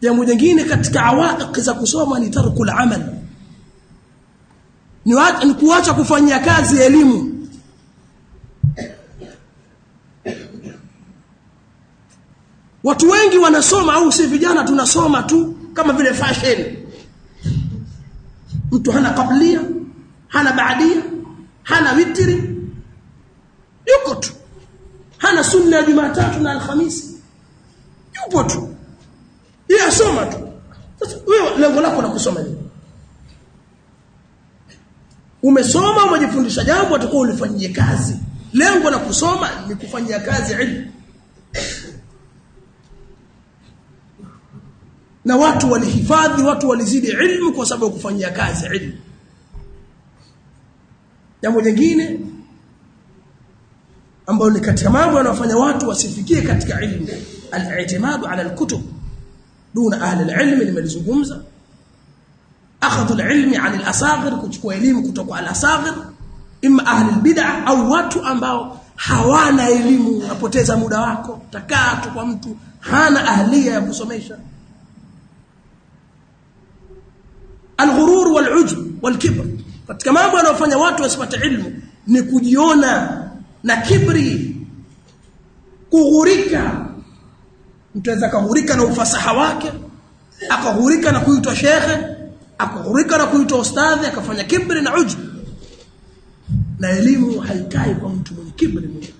jambo jingine katika awaiq za kusoma ni tarkul amal ni, ni kuacha kufanyia kazi elimu watu wengi wanasoma au si vijana tunasoma tu kama vile fashion mtu hana kablia hana baadia hana witri yuko tu hana sunna ya Jumatatu na Alhamisi yupo tu yeye asoma tu. Sasa wewe lengo lako la kusoma nini? Umesoma, umejifundisha jambo atakuwa ulifanyie kazi. Lengo la kusoma ni kufanyia kazi ilmu. Na watu walihifadhi, watu walizidi ilmu kwa sababu ya kufanyia kazi ilmu. Jambo jingine ambalo ni katika mambo yanayofanya watu wasifikie katika ilmu, al-i'timadu ala al-kutub duna ahli alilmi nimelizungumza akhadhu alilmi an alasaghir kuchukua elimu kutoka kwa alasaghir imma ahli البدع au watu ambao hawana elimu unapoteza muda wako takaa tu kwa mtu hana ahlia ya kusomesha alghurur walujub walkibr katika mambo yanayofanya watu wasipate elimu ni kujiona na kibri kughurika mtu aweza akahurika na ufasaha wake akahurika na kuitwa shekhe akahurika na kuitwa ustadhi akafanya kibri na uji na elimu haikai kwa mtu mwenye kibri mwenye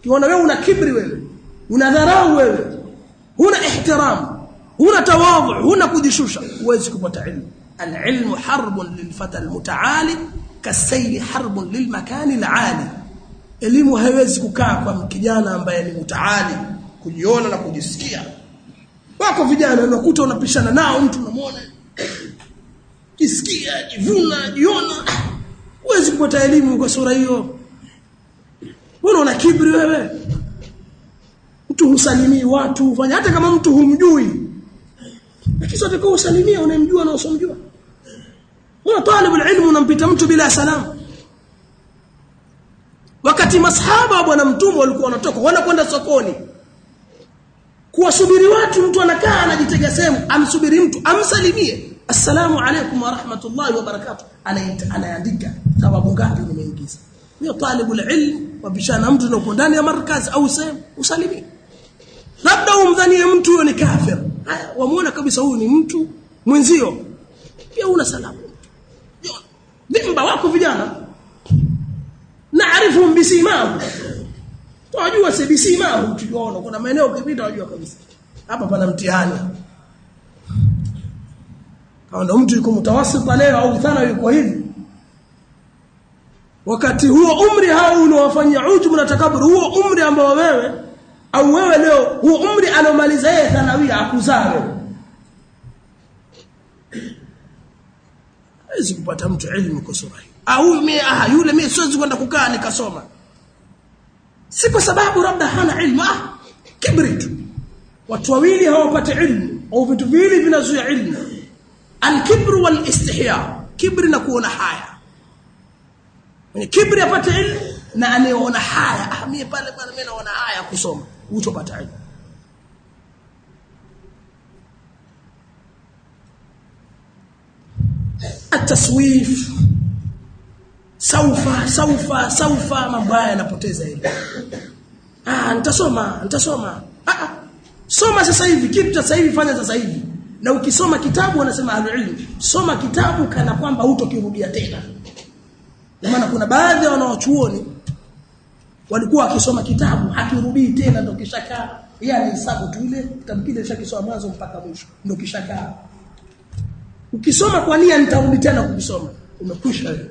ukiona wewe una kibri wewe una dharau wewe huna ihtiramu huna tawadhu huna kujishusha huwezi kupata ilmu العلم حرب للفتى المتعالي كالسيل حرب للمكان العالي elimu haiwezi kukaa kwa kijana ambaye ni mutaali kujiona na kujisikia. Wako vijana unakuta unapishana nao, mtu unamwona jisikia, jivuna, jiona. Huwezi kupata elimu kwa sura hiyo. Wewe una kiburi wewe, mtu husalimii watu fanya hata kama mtu humjui, lakini sote kwa usalimia, unamjua na usomjua. Wewe talibul ilmu unampita mtu bila salamu. Wakati masahaba wa Bwana Mtume walikuwa wanatoka wanakwenda sokoni kuwasubiri watu mtu anakaa anajitega sehemu amsubiri mtu amsalimie assalamu alaykum wa rahmatullahi wa barakatuh anaandika sababu gani nimeingiza ni talibul ilm wabishana mtu na ndani ya markazi au sehemu usalimie labda umdhanie mtu huyo ni kafir haya wamuona kabisa huyu ni mtu mwenzio pia una salamu vimba wako vijana naarifu bisimam Tunajua CBC mambo tuliona, kuna maeneo kipita unajua kabisa. Hapa pana mtihani. Kama ndo mtu yuko mtawasita leo au sana yuko hivi. Wakati huo umri hao unawafanyia ujumu na takaburu huo umri ambao wewe au wewe leo huo umri alomaliza yeye thanawia akuzaa Hizi kupata mtu elimu kwa sura hii. Ah, huyu mimi ah, yule mimi siwezi kwenda kukaa nikasoma si kwa sababu labda hana ilmu, ah, kibri tu. Watu wawili hawapati ilmu au vitu viwili vinazuia ilmu, alkibru wal istihya, kibri na kuona haya. Mwenye kibri apate ilmu na anayeona haya, ah, mimi pale bwana, mimi naona haya kusoma, utopata ilmu. Ataswif saufa saufa saufa mambo haya yanapoteza hilo ah nitasoma nitasoma ah, ah soma sasa hivi kitu sasa hivi fanya sasa hivi na ukisoma kitabu wanasema alilu soma kitabu kana kwamba hutokirudia tena kwa maana kuna baadhi ya wanaochuoni walikuwa akisoma kitabu hakirudii tena ndio kishakaa yeye anahesabu tu ile kitabu kile kishakisoma mwanzo mpaka mwisho ndio kishakaa ukisoma kwa nia nitarudi tena kukisoma umekwisha wewe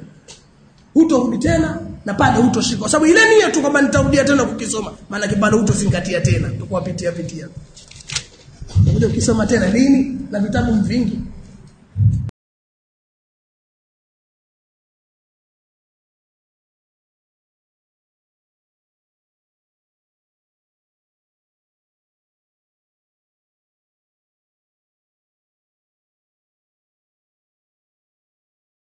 Hutorudi tena na pale hutoshika, kwa sababu ile nia tu kwamba nitarudia tena kukisoma, maana kipale hutozingatia tena, utakuwa pitia pitia, ukisoma tena nini na vitabu vingi